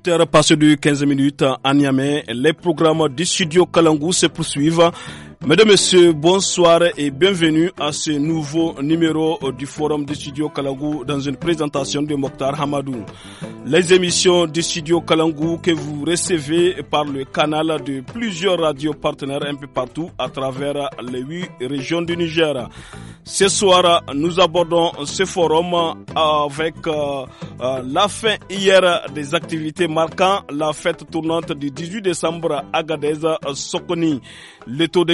18 passé de 15 minutes à Niamey. Les programmes du studio Kalangou se poursuivent. Mesdames, Messieurs, bonsoir et bienvenue à ce nouveau numéro du Forum du Studio Kalangou dans une présentation de Mokhtar Hamadou. Les émissions du Studio Kalangou que vous recevez par le canal de plusieurs radios partenaires un peu partout à travers les huit régions du Niger. Ce soir, nous abordons ce forum avec euh, euh, la fin hier des activités marquant la fête tournante du 18 décembre à Gadeza, Sokoni. Le taux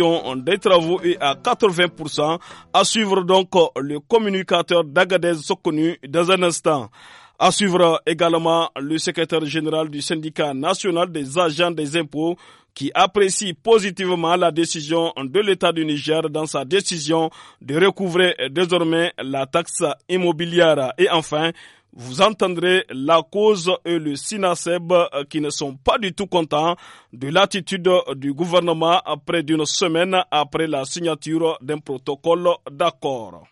en des travaux est à 80%. À suivre donc le communicateur d'Agadez Sokonu dans un instant. À suivre également le secrétaire général du syndicat national des agents des impôts qui apprécie positivement la décision de l'État du Niger dans sa décision de recouvrer désormais la taxe immobilière. Et enfin, vous entendrez la cause et le SINASEB euh, qui ne sont pas du tout contents de l'attitude du gouvernement après d'une semaine après la signature d'un protocole d'accord.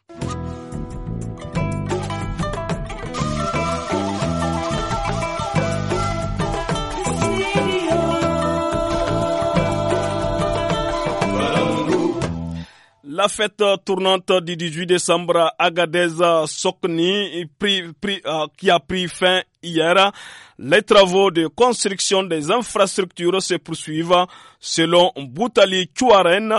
la fête euh, tournante du 18 décembre, à Agadez euh, Sokni, euh, qui a pris fin hier, les travaux de construction des infrastructures se poursuivent selon Boutali Chouaren,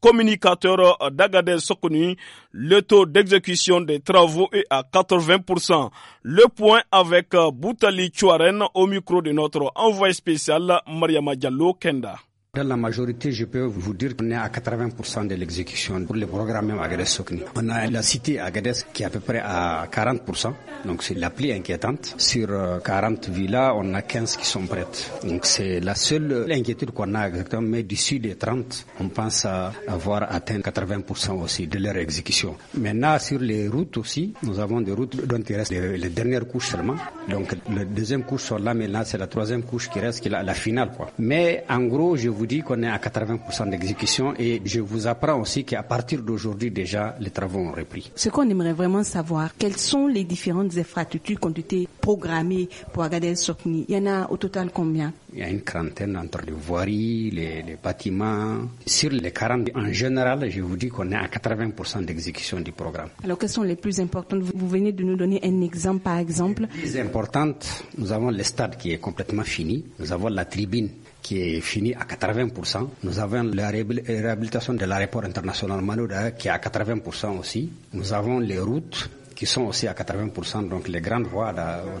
communicateur d'Agadez Sokni. Le taux d'exécution des travaux est à 80%. Le point avec Boutali Chouaren au micro de notre envoyé spécial Mariama Diallo Kenda. Dans la majorité, je peux vous dire qu'on est à 80% de l'exécution pour le programme Agadez-Sokni. On a la cité Agadez qui est à peu près à 40%, donc c'est la plus inquiétante. Sur 40 euh, villas, on a 15 qui sont prêtes. Donc c'est la seule inquiétude qu'on a exactement, mais d'ici des 30, on pense à avoir atteint 80% aussi de leur exécution. Maintenant, sur les routes aussi, nous avons des routes dont il reste les, dernières couches seulement. Donc la deuxième couche sur là, mais là c'est la troisième couche qui reste, qui est la, finale. Quoi. Mais en gros, je vous vous dis qu'on est à 80% d'exécution et je vous apprends aussi qu'à partir d'aujourd'hui déjà, les travaux ont repris. Ce qu'on aimerait vraiment savoir, quelles sont les différentes infrastructures qui ont été programmées pour Agadez Sokni Il y en a au total combien Il y a une quarantaine entre les voiries, les, les bâtiments. Sur les 40, en général, je vous dis qu'on est à 80% d'exécution du programme. Alors, quelles sont les plus importantes Vous venez de nous donner un exemple, par exemple. Les plus importantes, nous avons le stade qui est complètement fini. Nous avons la tribune qui est fini à 80%. Nous avons la réhabilitation de l'aéroport international Manouda qui est à 80% aussi. Nous avons les routes qui sont aussi à 80%, donc les grandes voies.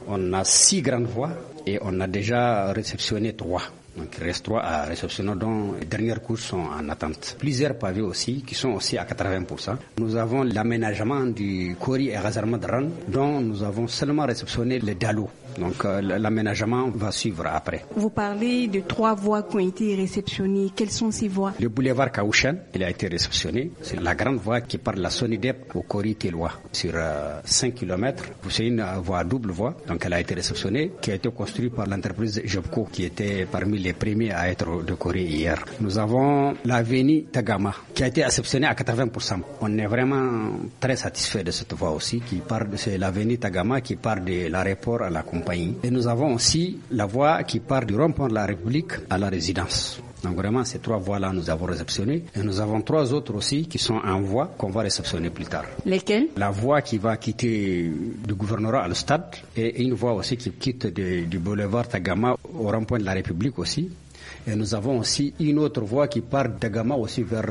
on a six grandes voies et on a déjà réceptionné trois. Donc il reste trois à réceptionner dont les dernières courses sont en attente. Plusieurs pavés aussi qui sont aussi à 80%. Nous avons l'aménagement du Kori et Razarmad dont nous avons seulement réceptionné les dalots. Donc euh, l'aménagement va suivre après. Vous parlez de trois voies qui ont été réceptionnées. Quelles sont ces voies Le boulevard Kaouchen, il a été réceptionné. C'est la grande voie qui part de la Sonidep au corée télois sur 5 euh, km. C'est une euh, voie double voie, donc elle a été réceptionnée, qui a été construite par l'entreprise Jobco, qui était parmi les premiers à être décorée hier. Nous avons l'avenue Tagama, qui a été réceptionnée à 80%. On est vraiment très satisfait de cette voie aussi, qui part de l'avenue Tagama, qui part de l'aéroport à la compagnie. Et nous avons aussi la voie qui part du rond-point de la République à la résidence. Donc vraiment, ces trois voies-là, nous avons réceptionné. Et nous avons trois autres aussi qui sont en voie qu'on va réceptionner plus tard. Lesquelles La voie qui va quitter du gouvernement à stade et une voie aussi qui quitte du boulevard Tagama au rond-point de la République aussi et nous avons aussi une autre voie qui part d'Agama aussi vers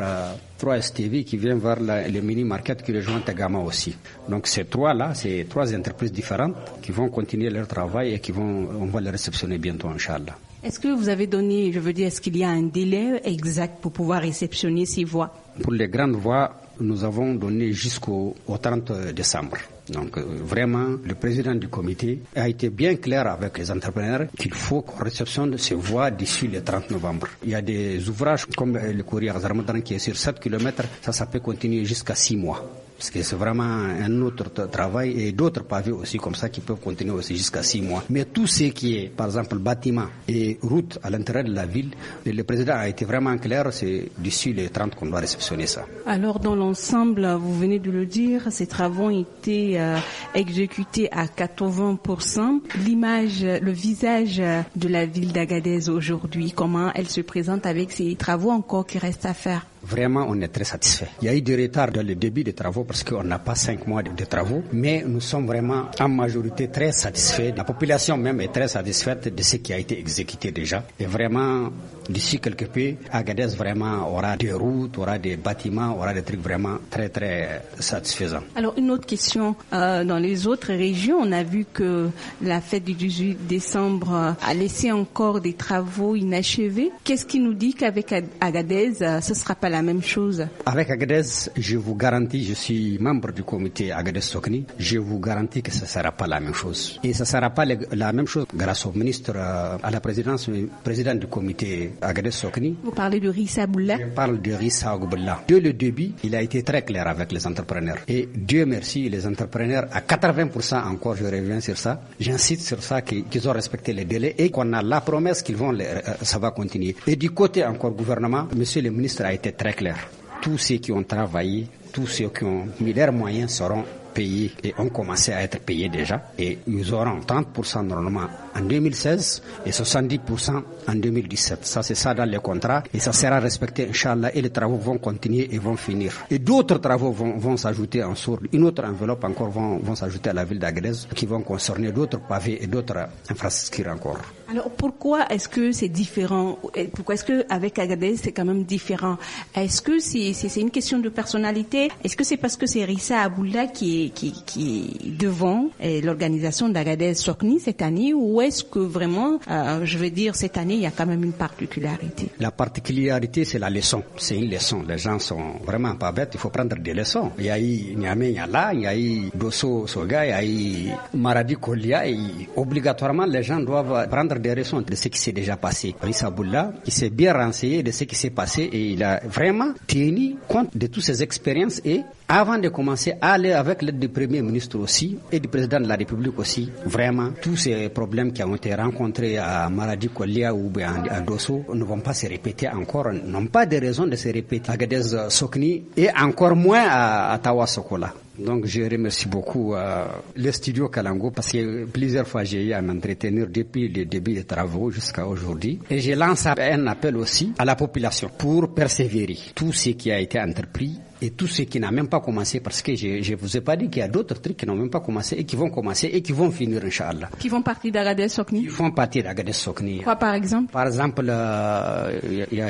3STV euh, qui vient vers les mini-market qui rejoint Tagama aussi. Donc ces trois-là, ces trois entreprises différentes qui vont continuer leur travail et qui vont, on va les réceptionner bientôt, Inch'Allah. Est-ce que vous avez donné, je veux dire, est-ce qu'il y a un délai exact pour pouvoir réceptionner ces voies Pour les grandes voies, nous avons donné jusqu'au 30 euh, décembre. Donc euh, vraiment, le président du comité a été bien clair avec les entrepreneurs qu'il faut qu'on réceptionne ces voies d'ici le 30 novembre. Il y a des ouvrages comme euh, le courrier Azarmadran qui est sur 7 km, ça, ça peut continuer jusqu'à 6 mois. Parce que c'est vraiment un autre travail et d'autres pavés aussi comme ça qui peuvent continuer aussi jusqu'à six mois. Mais tout ce qui est, par exemple, bâtiment et route à l'intérieur de la ville, le président a été vraiment clair, c'est d'ici les 30 qu'on doit réceptionner ça. Alors, dans l'ensemble, vous venez de le dire, ces travaux ont été euh, exécutés à 80%. L'image, le visage de la ville d'Agadez aujourd'hui, comment elle se présente avec ces travaux encore qui restent à faire Vraiment, on est très satisfait. Il y a eu du retard dans le début des travaux parce qu'on n'a pas cinq mois de, travaux, mais nous sommes vraiment en majorité très satisfaits. La population même est très satisfaite de ce qui a été exécuté déjà. Et vraiment, d'ici quelques peu, Agadez vraiment aura des routes, aura des bâtiments, aura des trucs vraiment très très satisfaisants. Alors une autre question, euh, dans les autres régions, on a vu que la fête du 18 décembre euh, a laissé encore des travaux inachevés. Qu'est-ce qui nous dit qu'avec Agadez, euh, ce sera pas la même chose. Avec Agadez, je vous garantis, je suis membre du comité Agadez Sokni, je vous garantis que ce ne sera pas la même chose. Et ce ne sera pas la même chose grâce au ministre, euh, à la présidence, euh, président du comité Agadez Sokni. Vous parlez de Rissa Boula Je parle de Rissa Boula. Dès le début, il a été très clair avec les entrepreneurs. Et Dieu merci, les entrepreneurs, à 80% encore, je reviens sur ça, j'incite sur ça qu'ils ont respecté les délais et qu'on a la promesse qu'ils vont, euh, ça va continuer. Et du côté encore gouvernement, monsieur le ministre a été très très clair. Tous ceux qui ont travaillé, tous ceux qui ont mis leurs moyens seront payés et ont commencé à être payés déjà. Et nous aurons 30% normalement en 2016 et 70% en 2017. Ça, c'est ça dans les contrats et ça sera respecté, Inch'Allah, et les travaux vont continuer et vont finir. Et d'autres travaux vont, s'ajouter en sourd. Une autre enveloppe encore vont, vont s'ajouter à la ville d'Agrez qui vont concerner d'autres pavés et d'autres infrastructures encore. Alors pourquoi est-ce que c'est différent Pourquoi est-ce qu'avec Agadez c'est quand même différent Est-ce que c'est une question de personnalité Est-ce que c'est parce que c'est Rissa Aboula qui est, qui, qui devant euh, l'organisation d'Agadez Sokni cette année ou est-ce que vraiment, euh, je veux dire, cette année il y a quand même une particularité La particularité c'est la leçon. C'est une leçon. Les gens sont vraiment pas bêtes. Il faut prendre des leçons. Il y a eu Niamé Yala, il y a eu Dosso Soga, il y a eu Maradi Kolia. obligatoirement les gens doivent prendre des raisons de ce qui s'est déjà passé. Rissa qui s'est bien renseigné de ce qui s'est passé et il a vraiment tenu compte de toutes ces expériences et avant de commencer à aller avec l'aide du Premier ministre aussi et du Président de la République aussi, vraiment, tous ces problèmes qui ont été rencontrés à Maradi Kolia ou à Dosso ne vont pas se répéter encore, n'ont pas de raison de se répéter à Gadez Sokni et encore moins à, à Tawa Sokola. Donc je remercie beaucoup euh, le studio Kalango parce que plusieurs fois j'ai eu à m'entretenir depuis le début des travaux jusqu'à aujourd'hui. Et je lance un appel aussi à la population pour persévérer. Tout ce qui a été entrepris et tout ce qui n'a même pas commencé, parce que je ne vous ai pas dit qu'il y a d'autres trucs qui n'ont même pas commencé et qui vont commencer et qui vont finir, Inch'Allah. Qui vont partir d'Agadez Sokni Qui vont partir d'Agadez Sokni. Quoi, par exemple Par exemple, il euh, y,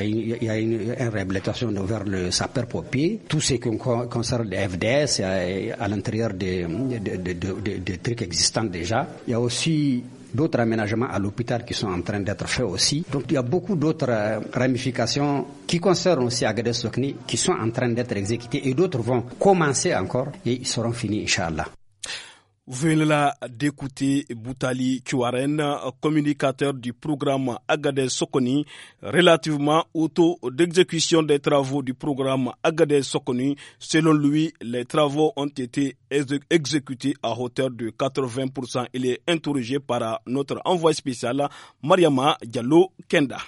a, une, réhabilitation vers le sapeur popier tout ce qui concerne les FDS à, euh, à l'intérieur des, des trucs existants déjà. Il y a aussi d'autres aménagements à l'hôpital qui sont en train d'être faits aussi. Donc il y a beaucoup d'autres euh, ramifications qui concernent aussi Agadez-Sokni qui sont en train d'être exécutées et d'autres vont commencer encore et ils seront finis, Inch'Allah. Vous venez là d'écouter Boutali Kiwaren, communicateur du programme Agadez Sokoni, relativement au taux d'exécution des travaux du programme Agadez Sokoni. Selon lui, les travaux ont été exécutés à hauteur de 80%. Il est interrogé par notre envoyé spécial, Mariama Diallo Kenda.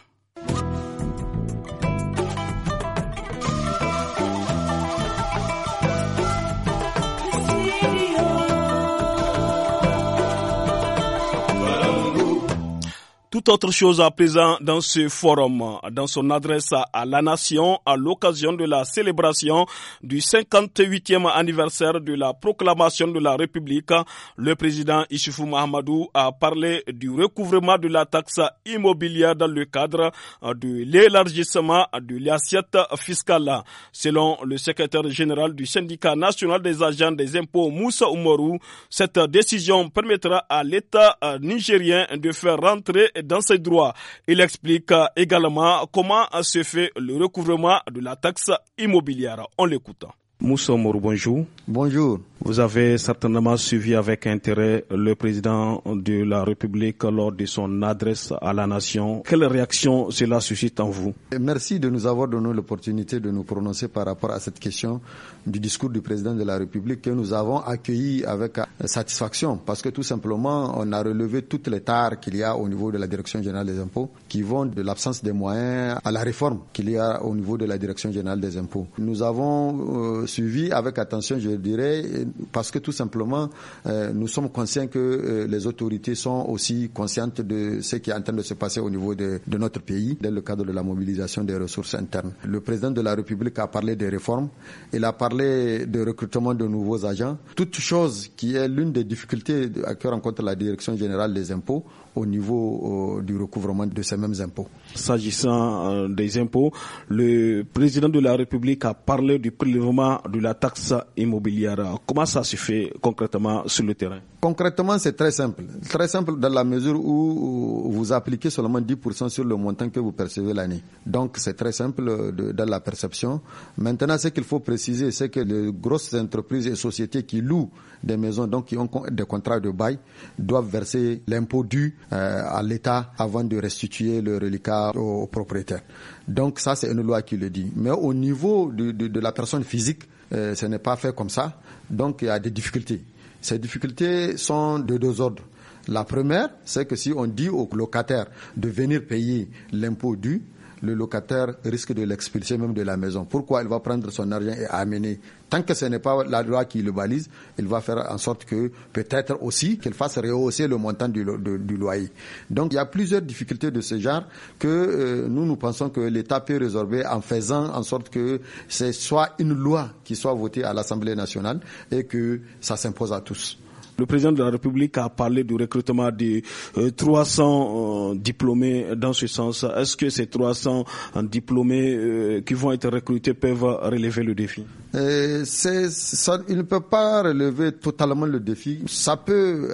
Tout autre chose à présent dans ce forum, dans son adresse à la nation à l'occasion de la célébration du 58e anniversaire de la proclamation de la République, le président Issoufou Mahamadou a parlé du recouvrement de la taxe immobilière dans le cadre de l'élargissement de l'assiette fiscale. Selon le secrétaire général du syndicat national des agents des impôts Moussa Oumarou, cette décision permettra à l'État nigérien de faire rentrer dans ses droits. Il explique euh, également comment euh, se fait le recouvrement de la taxe immobilière. On l'écoute. Moussomour, bonjour. Bonjour. Vous avez certainement suivi avec intérêt le président de la République lors de son adresse à la nation. Quelle réaction cela suscite en vous Merci de nous avoir donné l'opportunité de nous prononcer par rapport à cette question du discours du président de la République que nous avons accueilli avec euh, satisfaction parce que tout simplement on a relevé toutes les tares qu'il y a au niveau de la Direction générale des impôts qui vont de l'absence des moyens à la réforme qu'il y a au niveau de la Direction générale des impôts. Nous avons euh, suivi avec attention, je dirais, parce que tout simplement, euh, nous sommes conscients que euh, les autorités sont aussi conscientes de ce qui est en train de se passer au niveau de, notre pays dans le cadre de la mobilisation des ressources internes. Le président de la République a parlé des réformes, il a parlé de recrutement de nouveaux agents, toute chose qui est l'une des difficultés à que rencontre la Direction générale des impôts au niveau euh, du recouvrement de ces mêmes impôts. S'agissant euh, des impôts, le président de la République a parlé du prélèvement de la taxe immobilière. Comment ça se fait concrètement sur le terrain Concrètement, c'est très simple. Très simple dans la mesure où vous appliquez seulement 10% sur le montant que vous percevez l'année. Donc, c'est très simple dans la perception. Maintenant, ce qu'il faut préciser, c'est que les grosses entreprises et sociétés qui louent des maisons, donc qui ont des contrats de bail, doivent verser l'impôt dû euh, à l'État avant de restituer le reliquat au propriétaire. Donc, ça, c'est une loi qui le dit. Mais au niveau de, la personne physique, euh, ce n'est pas fait comme ça. Donc, il y a des difficultés. Ces difficultés sont de deux ordres. La première, c'est que si on dit aux locataires de venir payer l'impôt dû, le locataire risque de l'expulser même de la maison. Pourquoi il va prendre son argent et amener Tant que ce n'est pas la loi qui le balise, il va faire en sorte que peut-être aussi qu'il fasse rehausser le montant du, loyer. Donc il y a plusieurs difficultés de ce genre que euh, nous nous pensons que l'État peut résorber en faisant en sorte que ce soit une loi qui soit votée à l'Assemblée nationale et que ça s'impose à tous. Le président de la République a parlé du recrutement de 300 euh, euh, diplômés dans ce sens. Est-ce que ces 300 euh, diplômés qui vont être recrutés peuvent relever le défi Il ne peut pas relever totalement le défi. Ça peut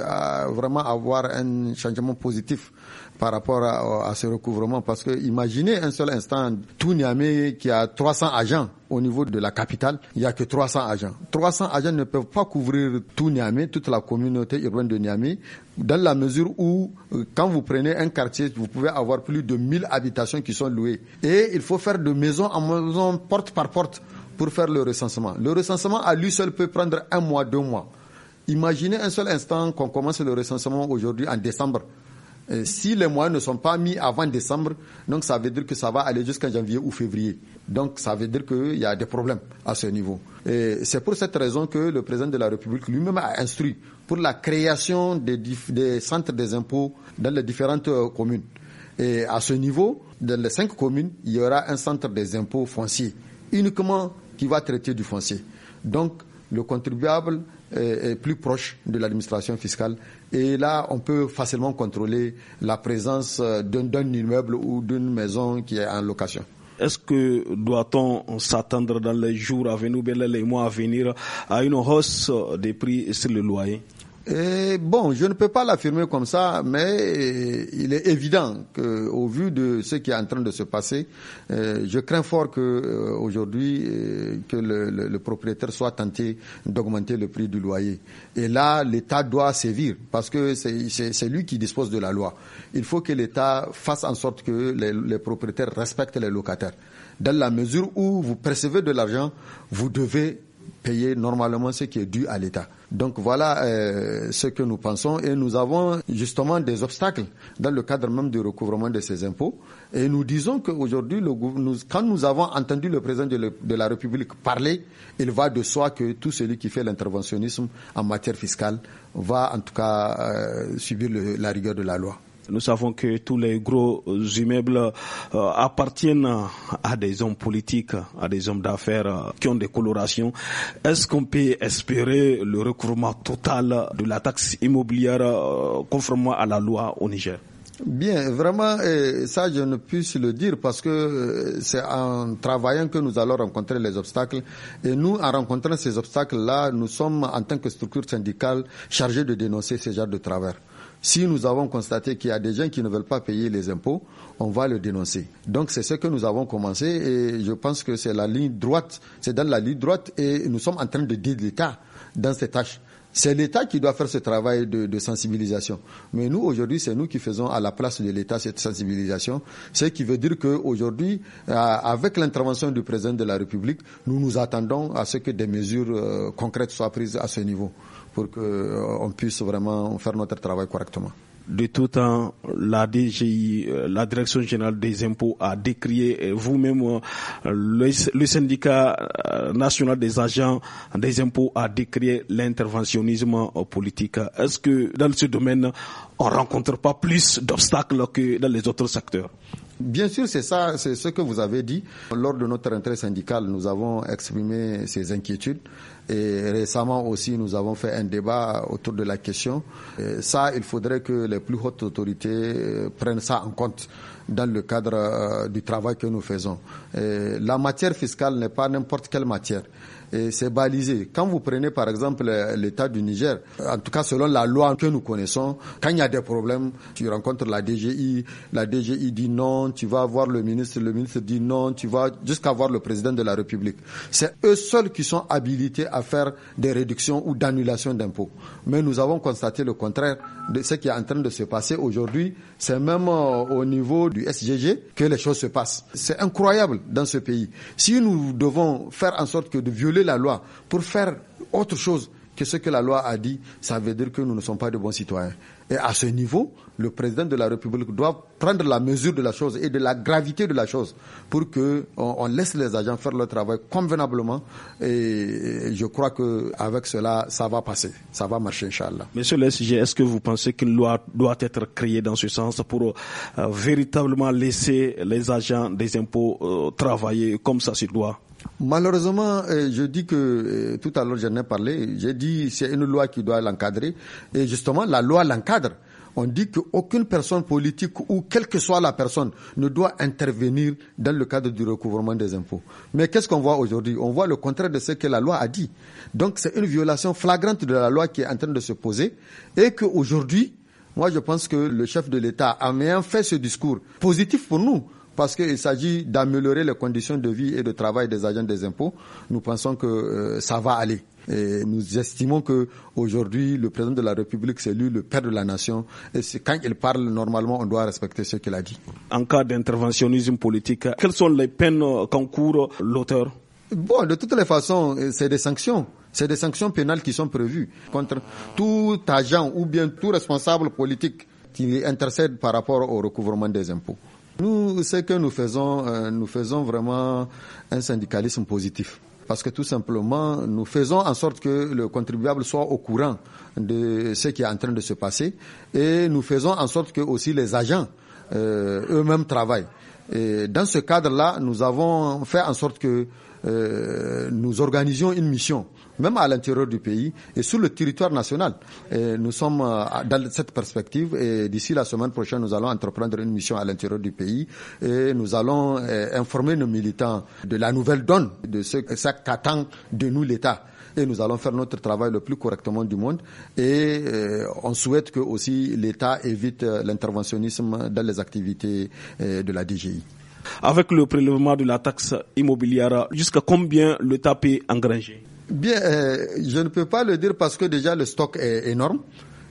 vraiment avoir un changement positif par rapport à, ce recouvrement parce que imaginez un seul instant tout Niamey qui a 300 agents au niveau de la capitale, il n'y a que 300 agents. 300 agents ne peuvent pas couvrir tout Niamey, toute la communauté urbaine de Niamey, dans la mesure où, euh, quand vous prenez un quartier, vous pouvez avoir plus de 1000 habitations qui sont louées. Et il faut faire de maison en maison, porte par porte, pour faire le recensement. Le recensement, à lui seul, peut prendre un mois, deux mois. Imaginez un seul instant qu'on commence le recensement aujourd'hui en décembre. Euh, si les moyens ne sont pas mis avant décembre, donc ça veut dire que ça va aller jusqu'en janvier ou février. Donc ça veut dire qu'il y a des problèmes à ce niveau. c'est pour cette raison que le président de la République lui-même a instruit pour la création des, des, centres des impôts dans les différentes euh, communes. Et à ce niveau, dans les cinq communes, il y aura un centre des impôts fonciers, uniquement qui va traiter du foncier. Donc le contribuable est plus proche de l'administration fiscale. Et là, on peut facilement contrôler la présence euh, d'un immeuble ou d'une maison qui est en location. Est-ce que doit-on s'attendre dans les jours à venir ou bien les mois à venir à une hausse des prix sur le loyer bon, je ne peux pas l'affirmer comme ça, mais euh, il est évident que, au vu de ce qui est en train de se passer, euh, je crains fort que euh, aujourd'hui que le, propriétaire soit tenté d'augmenter le prix du loyer. Et là, l'État doit sévir parce que c'est lui qui dispose de la loi. Il faut que l'État fasse en sorte que les, les propriétaires respectent les locataires. Dans la mesure où vous percevez de l'argent, vous devez payer normalement ce qui est dû à l'État. Donc voilà euh, ce que nous pensons et nous avons justement des obstacles dans le cadre même du recouvrement de ces impôts. Et nous disons qu'aujourd'hui, quand nous avons entendu le président de, la République parler, il va de soi que tout celui qui fait l'interventionnisme en matière fiscale va en tout cas euh, subir la rigueur de la loi. Nous savons que tous les gros immeubles euh, appartiennent à des hommes politiques, à des hommes d'affaires euh, qui ont des colorations. Est-ce qu'on peut espérer le recouvrement total de la taxe immobilière euh, conformément à la loi au Niger Bien, vraiment, ça je ne puisse le dire parce que c'est en travaillant que nous allons rencontrer les obstacles. Et nous, en rencontrant ces obstacles-là, nous sommes en tant que structure syndicale chargés de dénoncer ces genres de travers. Si nous avons constaté qu'il y a des gens qui ne veulent pas payer les impôts, on va le dénoncer. Donc c'est ce que nous avons commencé et je pense que c'est la ligne droite, c'est dans la ligne droite et nous sommes en train de dire l'État dans ses tâches. C'est l'État qui doit faire ce travail de, de sensibilisation. Mais nous, aujourd'hui, c'est nous qui faisons à la place de l'État cette sensibilisation. Ce qui veut dire qu'aujourd'hui, euh, avec l'intervention du président de la République, nous nous attendons à ce que des mesures euh, concrètes soient prises à ce niveau pour qu'on euh, puisse vraiment faire notre travail correctement. De tout temps, la DGI, euh, la Direction générale des impôts, a décrié euh, vous-même, le, syndicat national des agents des impôts a décrié l'interventionnisme politique. Est-ce que dans ce domaine, on rencontre pas plus d'obstacles que dans les autres secteurs Bien sûr, c'est ça, c'est ce que vous avez dit. Lors de notre entrée syndicale, nous avons exprimé ces inquiétudes. Et récemment aussi, nous avons fait un débat autour de la question. ça, il faudrait que les plus hautes autorités euh, prennent ça en compte dans le cadre euh, du travail que nous faisons. la matière fiscale n'est pas n'importe quelle matière c'est balisé. Quand vous prenez par exemple l'État du Niger, en tout cas selon la loi que nous connaissons, quand il y a des problèmes, tu rencontres la DGI, la DGI dit non, tu vas voir le ministre, le ministre dit non, tu vas jusqu'à voir le président de la République. C'est eux seuls qui sont habilités à faire des réductions ou d'annulation d'impôts. Mais nous avons constaté le contraire de ce qui est en train de se passer aujourd'hui. C'est même euh, au niveau du SGG que les choses se passent. C'est incroyable dans ce pays. Si nous devons faire en sorte que de violer la loi pour faire autre chose que ce que la loi a dit, ça veut dire que nous ne sommes pas de bons citoyens. Et à ce niveau, le président de la République doit prendre la mesure de la chose et de la gravité de la chose pour que on, laisse les agents faire leur travail convenablement. Et je crois que avec cela, ça va passer, ça va marcher, Inch'Allah. Monsieur le SG, est-ce que vous pensez qu'une loi doit être créée dans ce sens pour euh, véritablement laisser les agents des impôts euh, travailler comme ça se doit Malheureusement, euh, je dis que euh, tout à l'heure j'en ai parlé, j'ai dit c'est une loi qui doit l'encadrer et justement la loi l'encadre. On dit qu'aucune personne politique ou quelle que soit la personne ne doit intervenir dans le cadre du recouvrement des impôts. Mais qu'est-ce qu'on voit aujourd'hui On voit le contraire de ce que la loi a dit. Donc c'est une violation flagrante de la loi qui est en train de se poser et qu'aujourd'hui, moi je pense que le chef de l'État, a bien fait ce discours positif pour nous, parce qu'il s'agit d'améliorer les conditions de vie et de travail des agents des impôts, nous pensons que euh, ça va aller. Et nous estimons que aujourd'hui, le président de la République, c'est lui le père de la nation. Et quand il parle, normalement, on doit respecter ce qu'il a dit. En cas d'interventionnisme politique, quelles sont les peines qu'encourt l'auteur Bon, de toutes les façons, euh, c'est des sanctions. C'est des sanctions pénales qui sont prévues contre tout agent ou bien tout responsable politique qui intercède par rapport au recouvrement des impôts. Nous, ce que nous faisons, euh, nous faisons vraiment un syndicalisme positif. Parce que tout simplement, nous faisons en sorte que le contribuable soit au courant de ce qui est en train de se passer et nous faisons en sorte que aussi les agents euh, eux-mêmes travaillent. Et dans ce cadre-là, nous avons fait en sorte que euh, nous organisions une mission même à l'intérieur du pays et sur le territoire national. nous sommes euh, dans cette perspective et d'ici la semaine prochaine, nous allons entreprendre une mission à l'intérieur du pays et nous allons euh, informer nos militants de la nouvelle donne, de ce, qu'attend de nous l'État et nous allons faire notre travail le plus correctement du monde. Et euh, on souhaite que aussi l'État évite l'interventionnisme dans les activités de la DGI. Avec le prélèvement de la taxe immobilière, jusqu'à combien l'État peut engranger Bien, euh, je ne peux pas le dire parce que déjà le stock est énorme.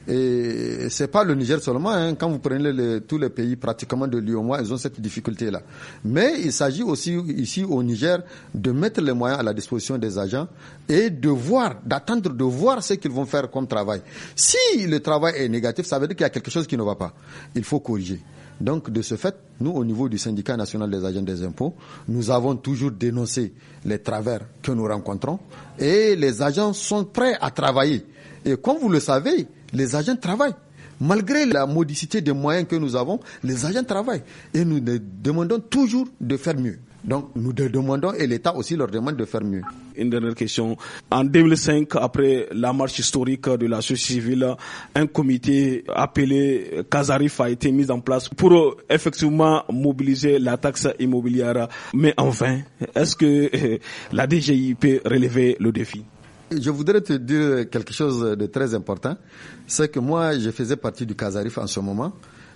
Et ce n'est pas le Niger seulement. Hein. Quand vous prenez tous les pays pratiquement de moi, ils ont cette difficulté-là. Mais il s'agit aussi ici au Niger de mettre les moyens à la disposition des agents et de voir, d'attendre de voir ce qu'ils vont faire comme travail. Si le travail est négatif, ça veut dire qu'il y a quelque chose qui ne va pas. Il faut corriger. Donc, de ce fait, nous, au niveau du syndicat national des agents des impôts, nous avons toujours dénoncé les travers que nous rencontrons et les agents sont prêts à travailler. Et comme vous le savez, les agents travaillent. Malgré la modicité des moyens que nous avons, les agents travaillent et nous demandons toujours de faire mieux. Donc, nous demandons et l'État aussi leur demande de faire mieux une dernière question. En 2005, après la marche historique de la société civile, un comité appelé Casarif a été mis en place pour euh, effectivement mobiliser la taxe immobilière. Mais enfin, est-ce que euh, la DGI peut relever le défi je voudrais te dire quelque chose de très important. C'est que moi, je faisais partie du Casarif en ce moment.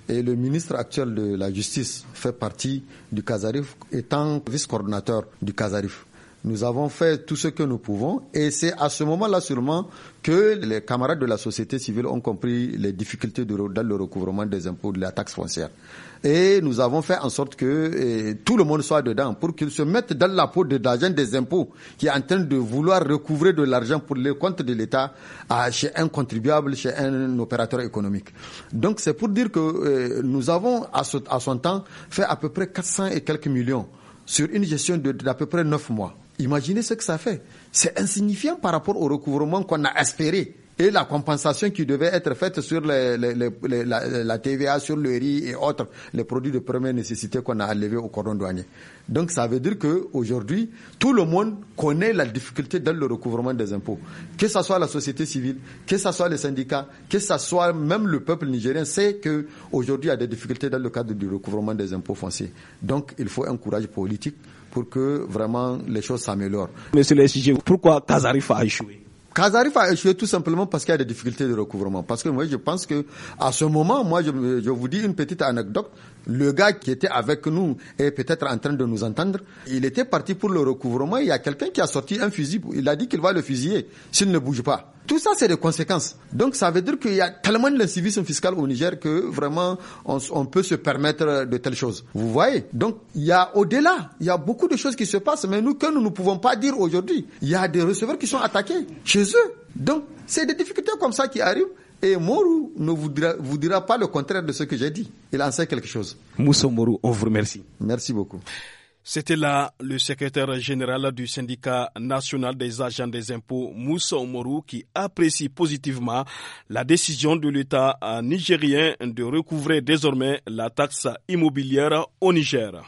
Et le ministre actuel de la Justice fait partie du Casarif, étant vice-coordinateur du Casarif. Nous avons fait tout ce que nous pouvons et c'est à ce moment-là sûrement que les camarades de la société civile ont compris les difficultés de, dans le recouvrement des impôts de la taxe foncière. Et nous avons fait en sorte que eh, tout le monde soit dedans pour qu'ils se mettent dans la peau de l'agent des impôts qui est en train de vouloir recouvrer de l'argent pour les comptes de l'État chez un contribuable, chez un opérateur économique. Donc c'est pour dire que eh, nous avons à, son temps fait à peu près 400 et quelques millions sur une gestion d'à peu près neuf mois. Imaginez ce que ça fait. C'est insignifiant par rapport au recouvrement qu'on a espéré et la compensation qui devait être faite sur la, TVA, sur le riz et autres, les produits de première nécessité qu'on a enlevés au cordon douanier. Donc ça veut dire qu'aujourd'hui, tout le monde connaît la difficulté dans le recouvrement des impôts. Que ce soit la société civile, que ce soit les syndicats, que ce soit même le peuple nigérien, sait qu'aujourd'hui il y a des difficultés dans le cadre du recouvrement des impôts fonciers. Donc il faut un courage politique pour que vraiment les choses s'améliorent. Monsieur le sujet, pourquoi Kazarif a échoué Kazarif a échoué tout simplement parce qu'il y a des difficultés de recouvrement. Parce que moi, je pense que à ce moment, moi, je, je vous dis une petite anecdote. Le gars qui était avec nous est peut-être en train de nous entendre. Il était parti pour le recouvrement. Il y a quelqu'un qui a sorti un fusil. Il a dit qu'il va le fusiller s'il ne bouge pas. Tout ça, c'est des conséquences. Donc, ça veut dire qu'il y a tellement de l'incivisme fiscal au Niger que vraiment, on, on, peut se permettre de telles choses. Vous voyez Donc, il y a au-delà, il y a beaucoup de choses qui se passent, mais nous, que nous ne pouvons pas dire aujourd'hui. Il y a des receveurs qui sont attaqués chez eux. Donc, c'est des difficultés comme ça qui arrivent. Et Mourou ne vous dira, pas le contraire de ce que j'ai dit. Il en sait quelque chose. Moussa Mourou, on vous remercie. Merci beaucoup. C'était là le secrétaire général du syndicat national des agents des impôts, Moussa Omoru, qui apprécie positivement la décision de l'État nigérien de recouvrer désormais la taxe immobilière au Niger.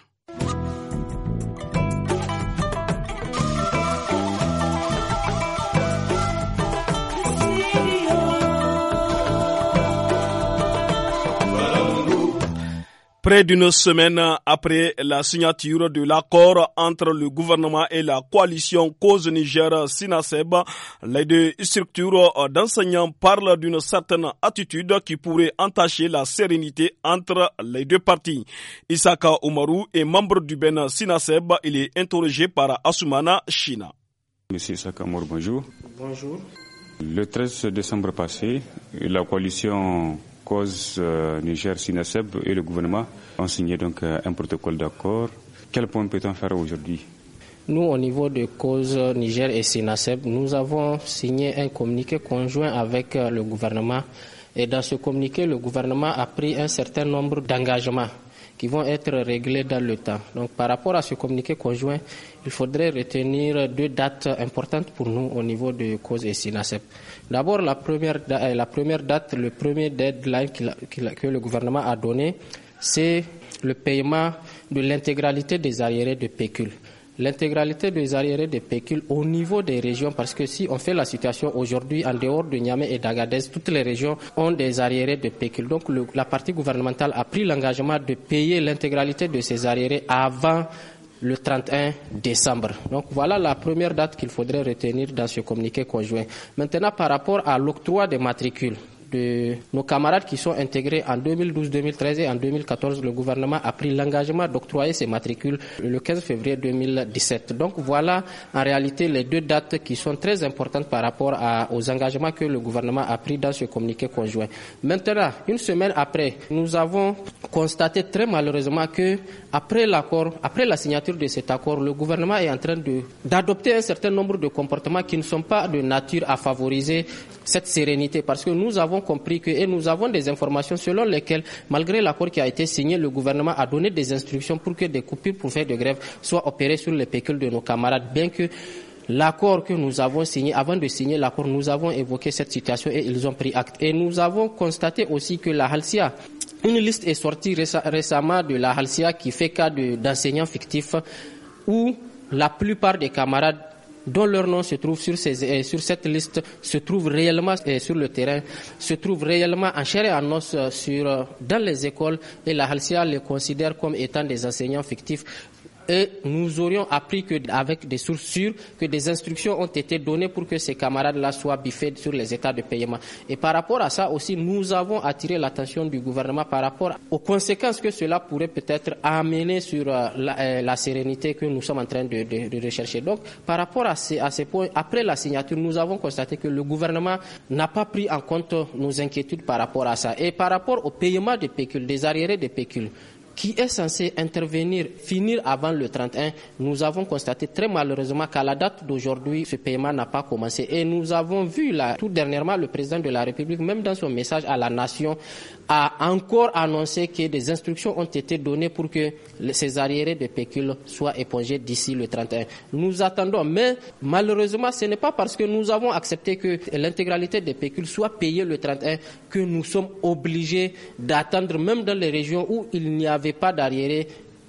Près d'une semaine après la signature de l'accord entre le gouvernement et la coalition Cause Niger Sinaseb, les deux structures d'enseignants parlent d'une certaine attitude qui pourrait entacher la sérénité entre les deux parties. Isaka Omaru est membre du Ben Sinaseb. Il est interrogé par Asumana China. Monsieur Isaka bonjour. Bonjour. Le 13 décembre passé, la coalition cause euh, Niger Sinaseb et le gouvernement ont signé donc euh, un protocole d'accord. Quel point peut-on faire aujourd'hui nous, au niveau de cause euh, Niger et Sinaseb, nous avons signé un communiqué conjoint avec le gouvernement. Et dans ce communiqué, le gouvernement a pris un certain nombre d'engagements qui vont être réglées dans le temps. Donc par rapport à ce communiqué conjoint, il faudrait retenir deux dates importantes pour nous au niveau de cause et SINACEP. D'abord, euh, la première, date, le premier deadline que le gouvernement a donné, c'est le paiement de l'intégralité des arriérés de pécule l'intégralité des arriérés de pécule au niveau des régions, parce que si on fait la situation aujourd'hui en dehors de Niamey et d'Agadez, toutes les régions ont des arriérés de pécule. Donc la partie gouvernementale a pris l'engagement de payer l'intégralité de ces arriérés avant le 31 décembre. Donc voilà la première date qu'il faudrait retenir dans ce communiqué conjoint. Maintenant, par rapport à l'octroi des matricules, de nos camarades qui sont intégrés en 2012, 2013 et en 2014, le gouvernement a pris l'engagement d'octroyer ces matricules le 15 février 2017. Donc voilà en réalité les deux dates qui sont très importantes par rapport à, aux engagements que le gouvernement a pris dans ce communiqué conjoint. Maintenant, une semaine après, nous avons constaté très malheureusement que après l'accord, après la signature de cet accord, le gouvernement est en train d'adopter un certain nombre de comportements qui ne sont pas de nature à favoriser cette sérénité parce que nous avons compris que, et nous avons des informations selon lesquelles, malgré l'accord qui a été signé, le gouvernement a donné des instructions pour que des coupures pour faire de grève soient opérées sur les pécules de nos camarades, bien que l'accord que nous avons signé, avant de signer l'accord, nous avons évoqué cette situation et ils ont pris acte. Et nous avons constaté aussi que la Halcia, une liste est sortie récemment de la Halcia qui fait cas d'enseignants fictifs où la plupart des camarades dont leur nom se trouve sur, euh, cette liste se trouve réellement euh, sur le terrain, se trouve réellement en chair et en os euh, dans les écoles et la Halcia les considère comme étant des enseignants fictifs et nous aurions appris que, avec des sources sûres que des instructions ont été données pour que ces camarades-là soient biffés sur les états de paiement. Et par rapport à ça aussi, nous avons attiré l'attention du gouvernement par rapport aux conséquences que cela pourrait peut-être amener sur euh, euh, la, sérénité que nous sommes en train de, rechercher. Donc, par rapport à ces, à ces points, après la signature, nous avons constaté que le gouvernement n'a pas pris en compte nos inquiétudes par rapport à ça. Et par rapport au paiement des pécules, des arriérés des pécules, qui est censé intervenir, finir avant le 31, nous avons constaté très malheureusement qu'à la date d'aujourd'hui, ce paiement n'a pas commencé. Et nous avons vu là, tout dernièrement le président de la République, même dans son message à la nation, a encore annoncé que des instructions ont été données pour que ces arriérés de pécule soient épongés d'ici le 31. Nous attendons, mais malheureusement, ce n'est pas parce que nous avons accepté que l'intégralité des pécules soit payée le 31 que nous sommes obligés d'attendre, même dans les régions où il n'y avait pas d'arriérés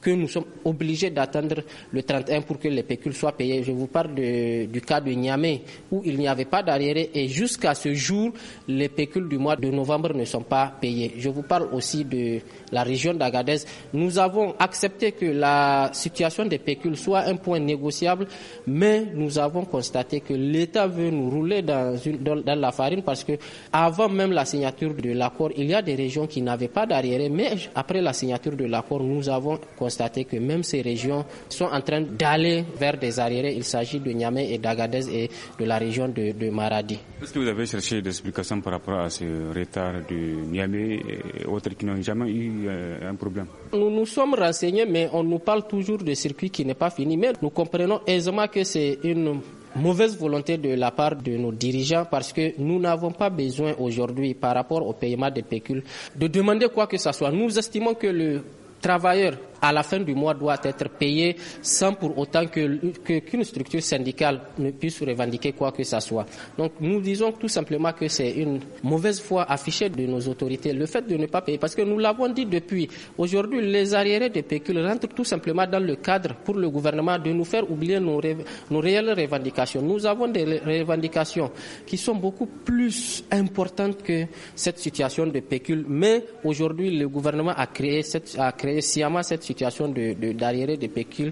que nous sommes obligés d'attendre le 31 pour que les pécules soient payés. Je vous parle du cas de Niamey où il n'y avait pas d'arriéré et jusqu'à ce jour, les pécules du mois de novembre ne sont pas payées. Je vous parle aussi de la région d'Agadez. Nous avons accepté que la situation des pécules soit un point négociable, mais nous avons constaté que l'État veut nous rouler dans, la farine parce que avant même la signature de l'accord, il y a des régions qui n'avaient pas d'arriéré, mais après la signature de l'accord, nous avons constaté constater que même ces régions sont en train d'aller vers des arriérés. Il s'agit de Niamey et d'Agadez et de la région de, Maradi. Est-ce que vous avez cherché des explications par rapport à ce retard de Niamey et autres qui n'ont jamais eu euh, un problème Nous nous sommes renseignés, mais on nous parle toujours de circuit qui n'est pas fini. Mais nous comprenons aisément que c'est une mauvaise volonté de la part de nos dirigeants parce que nous n'avons pas besoin aujourd'hui par rapport au paiement des pécules de demander quoi que ce soit. Nous estimons que le travailleur à la fin du mois doit être payé sans pour autant qu'une que, qu'une structure syndicale ne puisse revendiquer quoi que ce soit. Donc nous disons tout simplement que c'est une mauvaise foi affichée de nos autorités, le fait de ne pas payer, parce que nous l'avons dit depuis, aujourd'hui les arriérés de pécule rentrent tout simplement dans le cadre pour le gouvernement de nous faire oublier nos, nos réelles revendications. Nous avons des revendications qui sont beaucoup plus importantes que cette situation de pécule, mais aujourd'hui le gouvernement a créé, a créé sciemment cette situation d'arriérés de, de pécule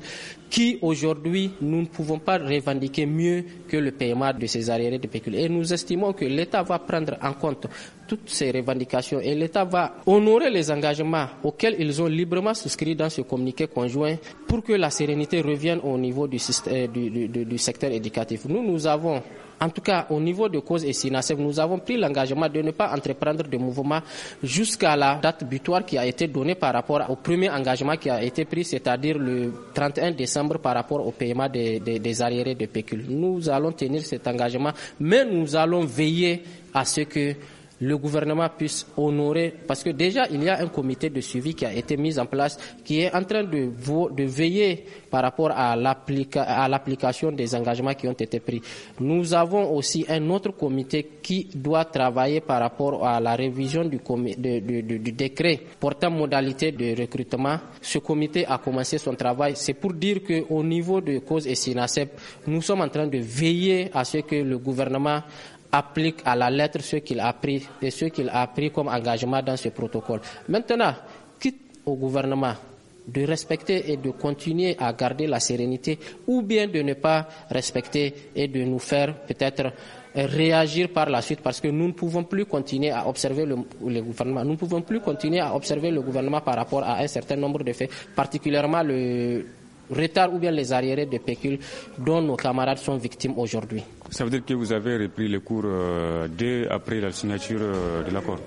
qui aujourd'hui nous ne pouvons pas revendiquer mieux que le paiement de ces arriérés de pécule. Et nous estimons que l'État va prendre en compte toutes ces revendications et l'État va honorer les engagements auxquels ils ont librement souscrit dans ce communiqué conjoint pour que la sérénité revienne au niveau du euh, secteur éducatif. Nous, nous avons en tout cas, au niveau de cause et SINASEF, nous avons pris l'engagement de ne pas entreprendre de mouvement jusqu'à la date butoir qui a été donnée par rapport au premier engagement qui a été pris, c'est-à-dire le 31 décembre par rapport au paiement des, arriérés de pécule. Nous allons tenir cet engagement, mais nous allons veiller à ce que le gouvernement puisse honorer, parce que déjà il y a un comité de suivi qui a été mis en place, qui est en train de, veiller par rapport à l'application des engagements qui ont été pris. Nous avons aussi un autre comité qui doit travailler par rapport à la révision du, du décret portant modalité de recrutement. Ce comité a commencé son travail. C'est pour dire qu'au niveau de cause et SINACEP, nous sommes en train de veiller à ce que le gouvernement applique à la lettre ce qu'il a pris et ce qu'il a pris comme engagement dans ce protocole. Maintenant, quitte au gouvernement de respecter et de continuer à garder la sérénité ou bien de ne pas respecter et de nous faire peut-être réagir par la suite parce que nous ne pouvons plus continuer à observer le, le, gouvernement. Nous ne pouvons plus continuer à observer le gouvernement par rapport à un certain nombre de faits, particulièrement le Retard ou bien les arriérés de pécule dont nos camarades sont victimes aujourd'hui. Ça veut dire que vous avez repris les cours euh, dès après la signature euh, de l'accord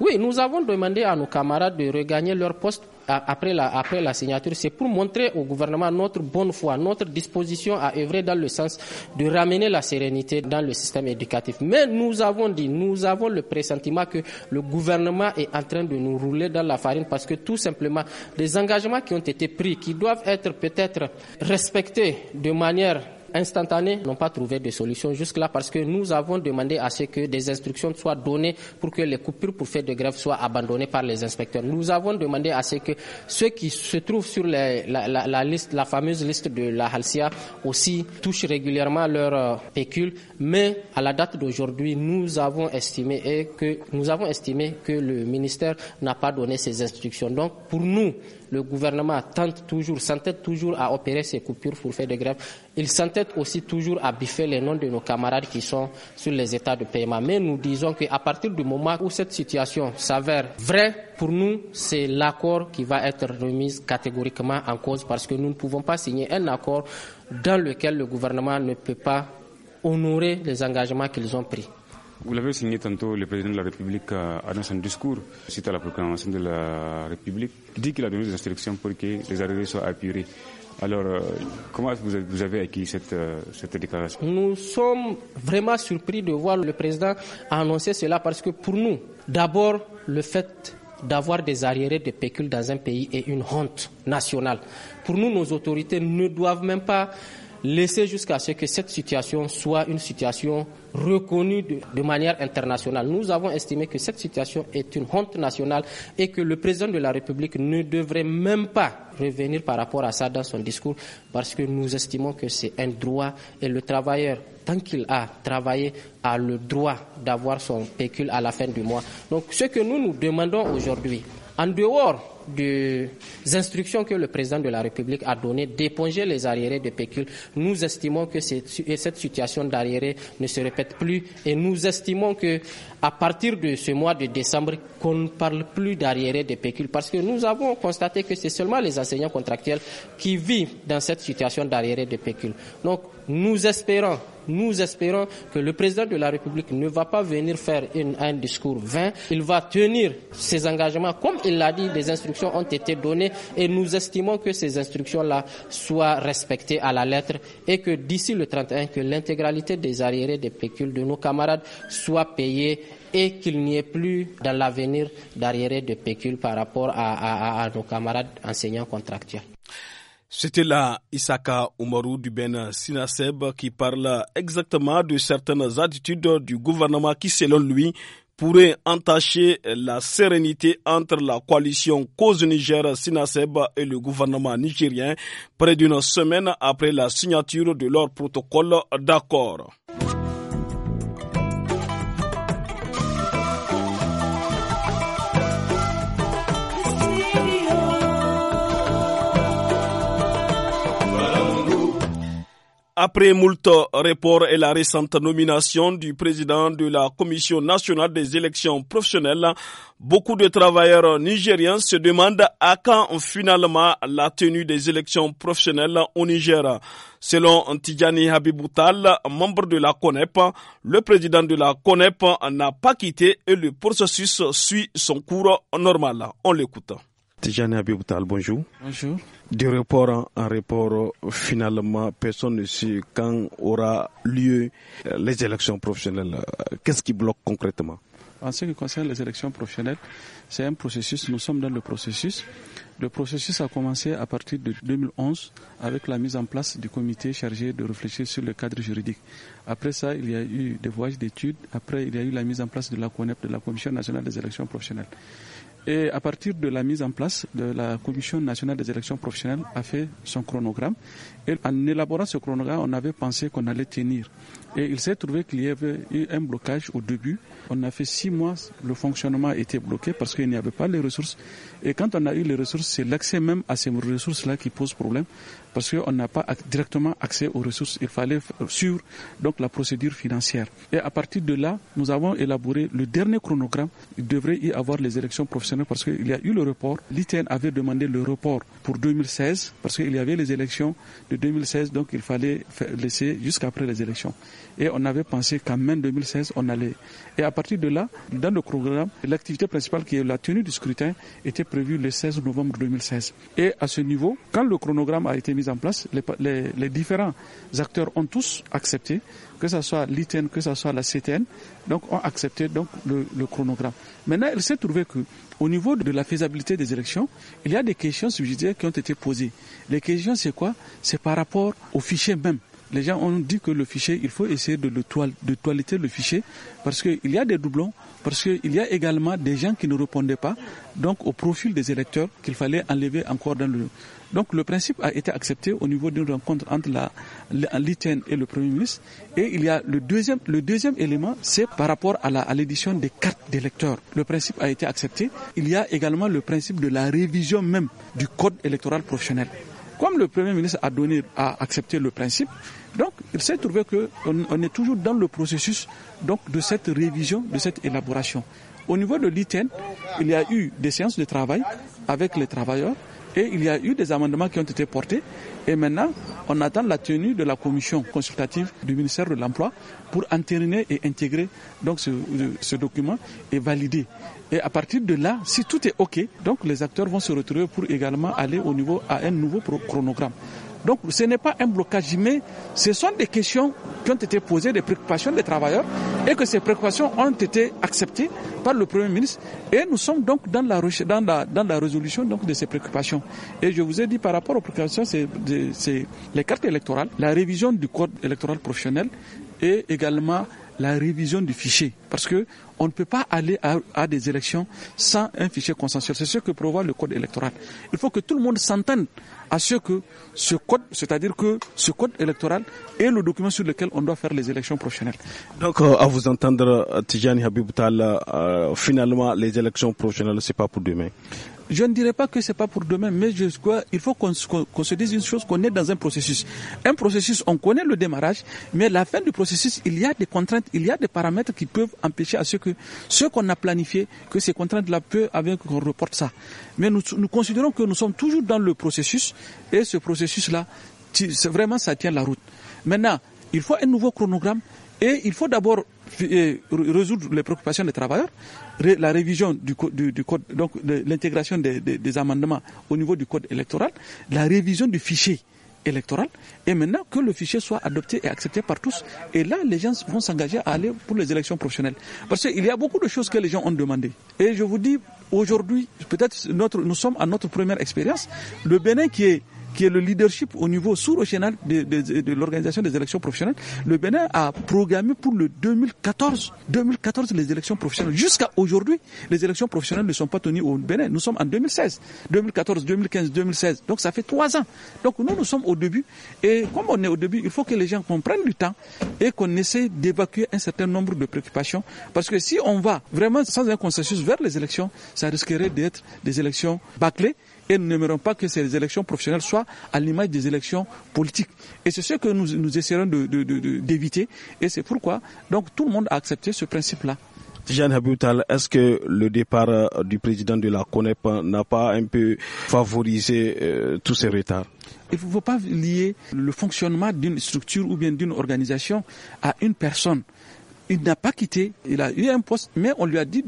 Oui, nous avons demandé à nos camarades de regagner leur poste après la, après la signature, c'est pour montrer au gouvernement notre bonne foi, notre disposition à œuvrer dans le sens de ramener la sérénité dans le système éducatif. Mais nous avons dit, nous avons le pressentiment que le gouvernement est en train de nous rouler dans la farine parce que tout simplement, les engagements qui ont été pris, qui doivent être peut-être respectés de manière instantané n'ont pas trouvé de solution jusque-là parce que nous avons demandé à ce que des instructions soient données pour que les coupures pour faire de grève soient abandonnées par les inspecteurs. Nous avons demandé à ce que ceux qui se trouvent sur la, liste, la fameuse liste de la Halcia aussi touchent régulièrement leur pécules. Euh, pécule, mais à la date d'aujourd'hui, nous avons estimé et que nous avons estimé que le ministère n'a pas donné ces instructions. Donc, pour nous, le gouvernement tente toujours, s'entête toujours à opérer ces coupures pour faire de grève. Il s'entête aussi toujours à biffer les noms de nos camarades qui sont sur les états de paiement. Mais nous disons qu'à partir du moment où cette situation s'avère vraie, pour nous, c'est l'accord qui va être remis catégoriquement en cause parce que nous ne pouvons pas signer un accord dans lequel le gouvernement ne peut pas honorer les engagements qu'ils ont pris. Vous l'avez signé tantôt, le président de la République a dans son discours, suite à la proclamation de la République, dit qu'il a donné des instructions pour que les arrivées soient apurées. Alors, euh, comment vous avez acquis cette, euh, cette déclaration Nous sommes vraiment surpris de voir le président annoncer cela parce que pour nous, d'abord, le fait d'avoir des arriérés de pécule dans un pays est une honte nationale. Pour nous, nos autorités ne doivent même pas laisser jusqu'à ce que cette situation soit une situation reconnue de, manière internationale. Nous avons estimé que cette situation est une honte nationale et que le président de la République ne devrait même pas revenir par rapport à ça dans son discours parce que nous estimons que c'est un droit et le travailleur, tant qu'il a travaillé, a le droit d'avoir son pécule à la fin du mois. Donc ce que nous nous demandons aujourd'hui, en dehors des instructions que le président de la République a données d'éponger les arriérés de pécule, nous estimons que cette situation d'arriérés ne se répète plus et nous estimons que à partir de ce mois de décembre, qu'on ne parle plus d'arriérés de pécule parce que nous avons constaté que c'est seulement les enseignants contractuels qui vivent dans cette situation d'arriérés de pécule. Donc, nous espérons nous espérons que le président de la République ne va pas venir faire un discours vain. Il va tenir ses engagements. Comme il l'a dit, des instructions ont été données et nous estimons que ces instructions-là soient respectées à la lettre et que d'ici le 31, que l'intégralité des arriérés des pécules de nos camarades soit payée et qu'il n'y ait plus dans l'avenir d'arriérés de pécules par rapport à nos camarades enseignants contractuels. C'était là Isaka Umaru du Ben Sinaseb qui parle exactement de certaines attitudes du gouvernement qui, selon lui, pourrait entacher la sérénité entre la coalition cause Niger Sinaseb et le gouvernement nigérien près d'une semaine après la signature de leur protocole d'accord. Après moult report et la récente nomination du président de la Commission nationale des élections professionnelles, beaucoup de travailleurs nigériens se demandent à quand finalement la tenue des élections professionnelles au Niger. Selon Tidjani Habiboutal, membre de la CONEP, le président de la CONEP n'a pas quitté et le processus suit son cours normal. On l'écoute. Tijani bonjour. Bonjour. Du report en report, euh, finalement, personne ne sait quand aura lieu euh, les élections professionnelles. Euh, qu'est-ce qui bloque concrètement En ce qui concerne les élections professionnelles, c'est un processus, nous sommes dans le processus. Le processus a commencé à partir de 2011 avec la mise en place du comité chargé de réfléchir sur le cadre juridique. Après ça, il y a eu des voyages d'études. Après, il y a eu la mise en place de la CONEP, de la Commission nationale des élections professionnelles. Et à partir de la mise en place de la Commission nationale des élections professionnelles a fait son chronogramme. Et en élaborant ce chronogramme, on avait pensé qu'on allait tenir. Et il s'est trouvé qu'il y avait eu un blocage au début. On a fait six mois, le fonctionnement était bloqué parce qu'il n'y avait pas les ressources. Et quand on a eu les ressources, c'est l'accès même à ces ressources-là qui pose problème parce qu'on n'a pas directement accès aux ressources. Il fallait suivre donc la procédure financière. Et à partir de là, nous avons élaboré le dernier chronogramme. Il devrait y avoir les élections professionnelles parce qu'il y a eu le report. L'ITN avait demandé le report pour 2016 parce qu'il y avait les élections de 2016, donc il fallait laisser jusqu'après les élections. Et on avait pensé qu'en mai 2016, on allait. Et à partir de là, dans le programme, l'activité principale qui est la tenue du scrutin était prévue le 16 novembre 2016. Et à ce niveau, quand le chronogramme a été mis en place, les, différents acteurs ont tous accepté, que ce soit l'ITN, que ce soit la CTN, donc ont accepté donc le, chronogramme. Maintenant, il s'est trouvé que au niveau de la faisabilité des élections, il y a des questions subsidiaires qui ont été posées. Les questions, c'est quoi C'est par rapport au fichier même. Les gens ont dit que le fichier, il faut essayer de, le de toiletter le fichier parce qu'il y a des doublons, parce qu'il y a également des gens qui ne répondaient pas, donc au profil des électeurs qu'il fallait enlever encore dans le, donc le principe a été accepté au niveau d'une rencontre entre l'ITN et le Premier ministre. Et il y a le deuxième, le deuxième élément, c'est par rapport à l'édition des cartes d'électeurs. Le principe a été accepté. Il y a également le principe de la révision même du code électoral professionnel. Comme le Premier ministre a donné, accepté le principe, donc, il s'est trouvé qu'on on est toujours dans le processus donc, de cette révision, de cette élaboration. Au niveau de l'ITN, il y a eu des séances de travail avec les travailleurs. Et il y a eu des amendements qui ont été portés. Et maintenant, on attend la tenue de la commission consultative du ministère de l'Emploi pour entériner et intégrer donc ce, euh, document et valider. Et à partir de là, si tout est OK, donc les acteurs vont se retrouver pour également aller au niveau à un nouveau chronogramme. Donc ce n'est pas un blocage, mais ce sont des questions qui ont été posées, des préoccupations des travailleurs, et que ces préoccupations ont été acceptées par le Premier ministre. Et nous sommes donc dans la, dans dans la résolution donc, de ces préoccupations. Et je vous ai dit par rapport aux préoccupations, c'est les cartes électorales, la révision du code électoral professionnel et également la révision du fichier. Parce que on ne peut pas aller à, des élections sans un fichier consensuel. C'est ce que prévoit le code électoral. Il faut que tout le monde s'entende à ce que ce code, c'est-à-dire que ce code électoral est le document sur lequel on doit faire les élections professionnelles. Donc, euh, à vous entendre, euh, Tijani Habib euh, finalement, les élections professionnelles, c'est pas pour demain je ne dirais pas que ce n'est pas pour demain, mais je crois il faut qu'on se dise une chose, qu'on est dans un processus. Un processus, on connaît le démarrage, mais la fin du processus, il y a des contraintes, il y a des paramètres qui peuvent empêcher à ce que ce qu'on a planifié, que ces contraintes-là peuvent avec qu'on reporte ça. Mais nous considérons que nous sommes toujours dans le processus et ce processus-là, vraiment, ça tient la route. Maintenant, il faut un nouveau chronogramme et il faut d'abord eh, résoudre les préoccupations des travailleurs, la révision du, code, du, code donc l'intégration des, des, amendements au niveau du code électoral, la révision du fichier électoral, et maintenant que le fichier soit adopté et accepté par tous. Et là, les gens vont s'engager à aller pour les élections professionnelles. Parce qu'il y a beaucoup de choses que les gens ont demandé Et je vous dis, aujourd'hui, peut-être notre, nous sommes à notre première expérience. Le Bénin qui est qui est le leadership au niveau sous-régional de, de l'organisation des élections professionnelles, le Bénin a programmé pour le 2014, 2014 les élections professionnelles. Jusqu'à aujourd'hui, les élections professionnelles ne sont pas tenues au Bénin. Nous sommes en 2016, 2014, 2015, 2016. Donc ça fait trois ans. Donc nous, nous sommes au début. Et comme on est au début, il faut que les gens comprennent du temps et qu'on essaie d'évacuer un certain nombre de préoccupations. Parce que si on va vraiment sans un consensus vers les élections, ça risquerait d'être des élections bâclées et nous n'aimerons pas que ces élections professionnelles soient à l'image des élections politiques. Et c'est ce que nous, nous essaierons d'éviter. et c'est pourquoi donc tout le monde a accepté ce principe-là. Jeanne Haboutal, est-ce que le départ euh, du président de la CONEP euh, n'a pas un peu favorisé euh, tous ces retards Il ne faut pas lier le fonctionnement d'une structure ou bien d'une organisation à une personne il n'a pas quitté, il a eu un poste, mais on lui a dit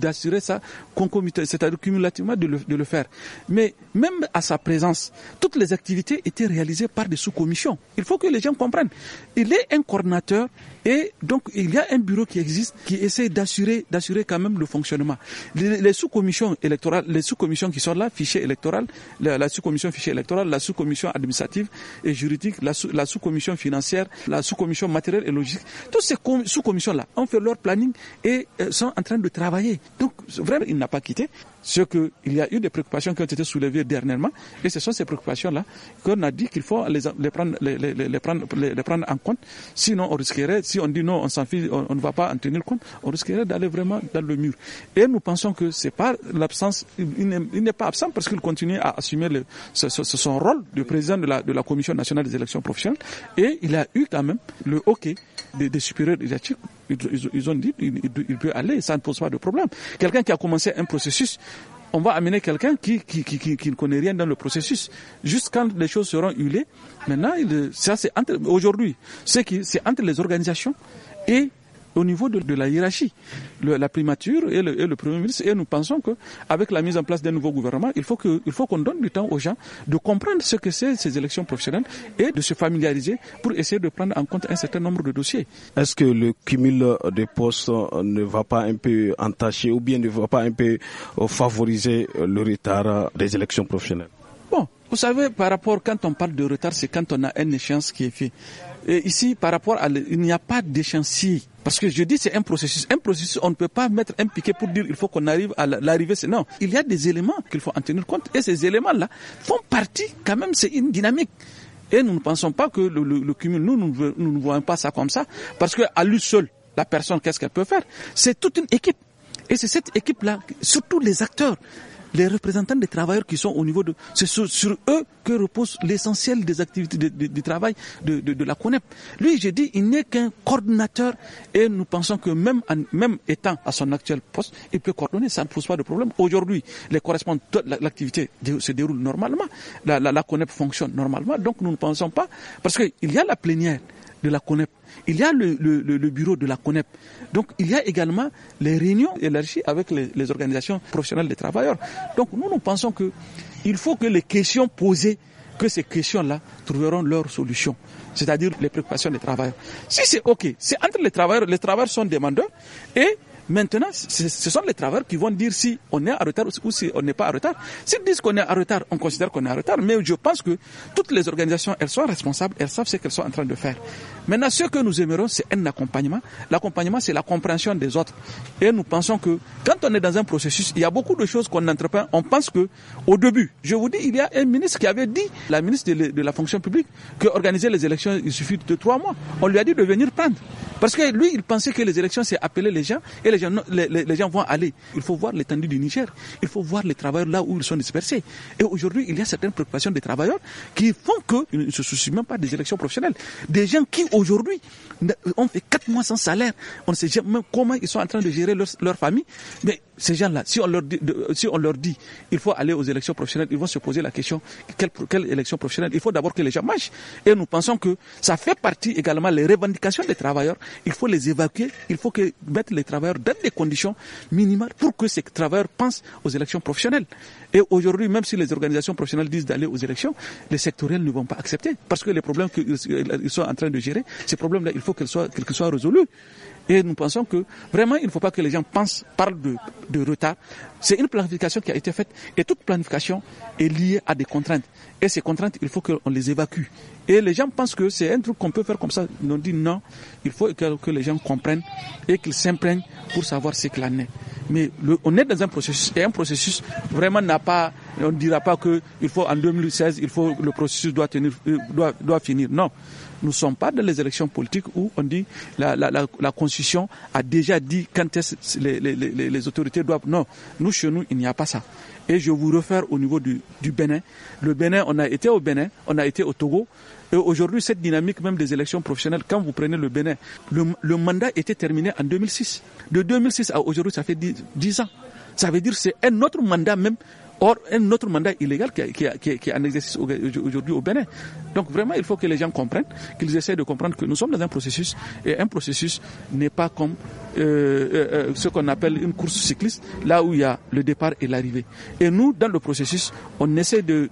d'assurer ça concomitant, c'est-à-dire cumulativement de le, de le, faire. Mais même à sa présence, toutes les activités étaient réalisées par des sous-commissions. Il faut que les gens comprennent. Il est un coordinateur et donc, il y a un bureau qui existe qui essaie d'assurer, d'assurer quand même le fonctionnement. Les, sous-commissions électorales, les sous-commissions qui sont là, fichiers électoraux, la, sous-commission fichiers la sous-commission administrative et juridique, la, la sous-commission financière, la sous-commission matérielle et logique. Toutes ces sous-commissions-là ont fait leur planning et euh, sont en train de travailler. Donc, vraiment, il n'a pas quitté ce qu'il y a eu des préoccupations qui ont été soulevées dernièrement, et ce sont ces préoccupations-là qu'on a dit qu'il faut les, prendre, les, prendre, les, prendre en compte. Sinon, on risquerait, si on dit non, on s'en fiche, on, ne va pas en tenir compte, on risquerait d'aller vraiment dans le mur. Et nous pensons que c'est pas l'absence, il n'est pas absent parce qu'il continue à assumer son rôle de président de la, Commission nationale des élections professionnelles, et il a eu quand même le hockey des, des supérieurs hiérarchiques ils, ont dit il, peut aller, ça ne pose pas de problème. Quelqu'un qui a commencé un processus, on va amener quelqu'un qui, ne connaît rien dans le processus. jusqu'à quand les choses seront huilées, maintenant, ça c'est entre, aujourd'hui, c'est entre les organisations et au niveau de, la hiérarchie, la primature et le, Premier ministre. Et nous pensons qu'avec la mise en place d'un nouveau gouvernement, il faut qu'on donne du temps aux gens de comprendre ce que c'est ces élections professionnelles et de se familiariser pour essayer de prendre en compte un certain nombre de dossiers. Est-ce que le cumul des postes ne va pas un peu entacher ou bien ne va pas un peu euh, favoriser le retard des élections professionnelles Bon, vous savez, par rapport, quand on parle de retard, c'est quand on a une échéance qui est faite. Et ici, par rapport à, il n'y a pas d'échéancier. Parce que je dis c'est un processus. Un processus, on ne peut pas mettre un piquet pour dire il faut qu'on arrive à l'arrivée. Non, il y a des éléments qu'il faut en tenir compte et ces éléments-là font partie quand même, c'est une dynamique. Et nous ne pensons pas que le, le, cumul, nous, nous, nous ne voyons pas ça comme ça. Parce qu'à lui seul, la personne, qu'est-ce qu'elle peut faire C'est toute une équipe. Et c'est cette équipe-là, surtout les acteurs, les représentants des travailleurs qui sont au niveau de... C'est sur, eux que repose l'essentiel des activités du travail de, la CONEP. Lui, j'ai dit, il n'est qu'un coordinateur et nous pensons que même, étant à son actuel poste, il peut coordonner, ça ne pose pas de problème. Aujourd'hui, les correspondants, l'activité se déroule normalement, la, la CONEP fonctionne normalement, donc nous ne pensons pas, parce qu'il y a la plénière de la CONEP, il y a le, bureau de la CONEP. Donc il y a également les réunions élargies avec les, les organisations professionnelles des travailleurs. Donc nous, nous pensons que il faut que les questions posées, que ces questions-là trouveront leur solution, c'est-à-dire les préoccupations des travailleurs. Si c'est OK, c'est entre les travailleurs, les travailleurs sont demandeurs et Maintenant, ce sont les travailleurs qui vont dire si on est en retard ou si on n'est pas en retard. S'ils disent qu'on est en retard, on considère qu'on est en retard. Mais je pense que toutes les organisations, elles sont responsables, elles savent ce qu'elles sont en train de faire. Maintenant, ce que nous aimerons, c'est un accompagnement. L'accompagnement, c'est la compréhension des autres. Et nous pensons que quand on est dans un processus, il y a beaucoup de choses qu'on entreprend. On pense que au début, je vous dis, il y a un ministre qui avait dit, la ministre de la fonction publique, que organiser les élections, il suffit de trois mois. On lui a dit de venir prendre. Parce que lui, il pensait que les élections, c'est appeler les gens et les gens, les, gens vont aller. Il faut voir l'étendue du Niger. Il faut voir les travailleurs là où ils sont dispersés. Et aujourd'hui, il y a certaines préoccupations des travailleurs qui font qu'ils ne se soucient même pas des élections professionnelles. Des gens qui, aujourd'hui, ont fait quatre mois sans salaire. On ne sait jamais comment ils sont en train de gérer leur, famille ces gens-là, si on leur dit, euh, si on leur dit, il faut aller aux élections professionnelles, ils vont se poser la question quelle, quelle élection professionnelle. Il faut d'abord que les gens marchent. Et nous pensons que ça fait partie également les revendications des travailleurs. Il faut les évacuer. Il faut que mettre les travailleurs dans des conditions minimales pour que ces travailleurs pensent aux élections professionnelles. Et aujourd'hui, même si les organisations professionnelles disent d'aller aux élections, les sectoriels ne vont pas accepter parce que les problèmes qu'ils sont en train de gérer, ces problèmes-là, il faut qu'ils soient, qu'ils soient résolus. Et nous pensons que vraiment, il ne faut pas que les gens pensent, parlent de, retard. C'est une planification qui a été faite et toute planification est liée à des contraintes. Et ces contraintes, il faut qu'on les évacue. Et les gens pensent que c'est un truc qu'on peut faire comme ça. Ils ont dit non, il faut que, les gens comprennent et qu'ils s'imprègnent pour savoir ce qu'il en est. Mais le, on est dans un processus et un processus vraiment n'a pas, on ne dira pas que il faut en 2016, il faut, le processus doit tenir, euh, doit, doit finir. Non. Nous ne sommes pas dans les élections politiques où on dit la, la, Constitution a déjà dit quand est les, les, les, autorités doivent. Non, nous, chez nous, il n'y a pas ça. Et je vous refaire au niveau du, du, Bénin. Le Bénin, on a été au Bénin, on a été au Togo. Et aujourd'hui, cette dynamique même des élections professionnelles, quand vous prenez le Bénin, le, mandat était terminé en 2006. De 2006 à aujourd'hui, ça fait 10, 10 ans. Ça veut dire que c'est un autre mandat même Or, un autre mandat illégal qui, qui, qui, qui en exercice aujourd'hui au Bénin. Donc vraiment, il faut que les gens comprennent, qu'ils essaient de comprendre que nous sommes dans un processus et un processus n'est pas comme euh, euh, euh ce qu'on appelle une course cycliste, là où il y a le départ et l'arrivée. Et nous, dans le processus, on essaie de,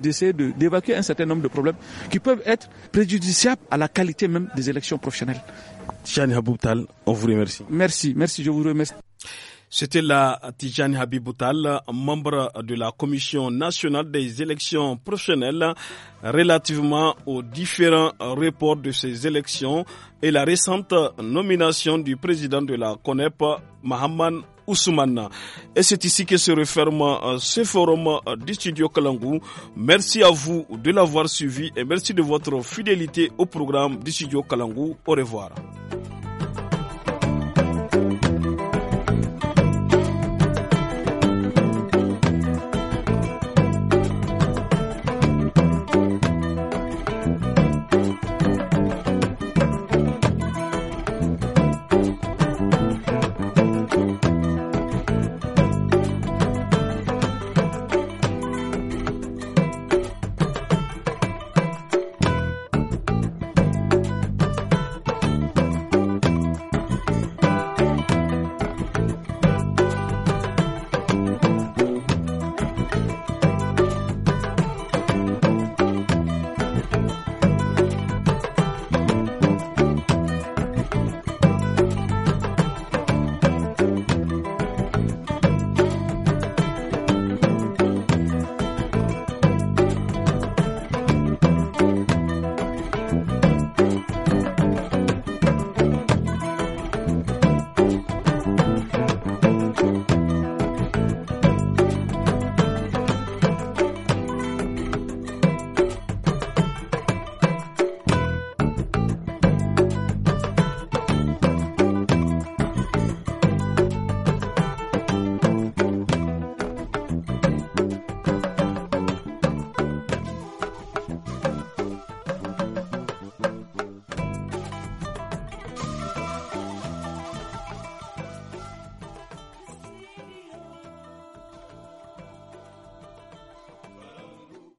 d'essayer de, d'évacuer un certain nombre de problèmes qui peuvent être préjudiciables à la qualité même des élections professionnelles. Chani Haboubtal, on vous remercie. Merci, merci, je vous remercie. C'était la Tijani Habiboutal, membre de la Commission nationale des élections professionnelles relativement aux différents reports de ces élections et la récente nomination du président de la CONEP, Mahaman Ousmane. Et c'est ici que se referme euh, ce forum euh, du studio Kalangou. Merci à vous de l'avoir suivi et merci de votre fidélité au programme du studio Kalangou. Au revoir.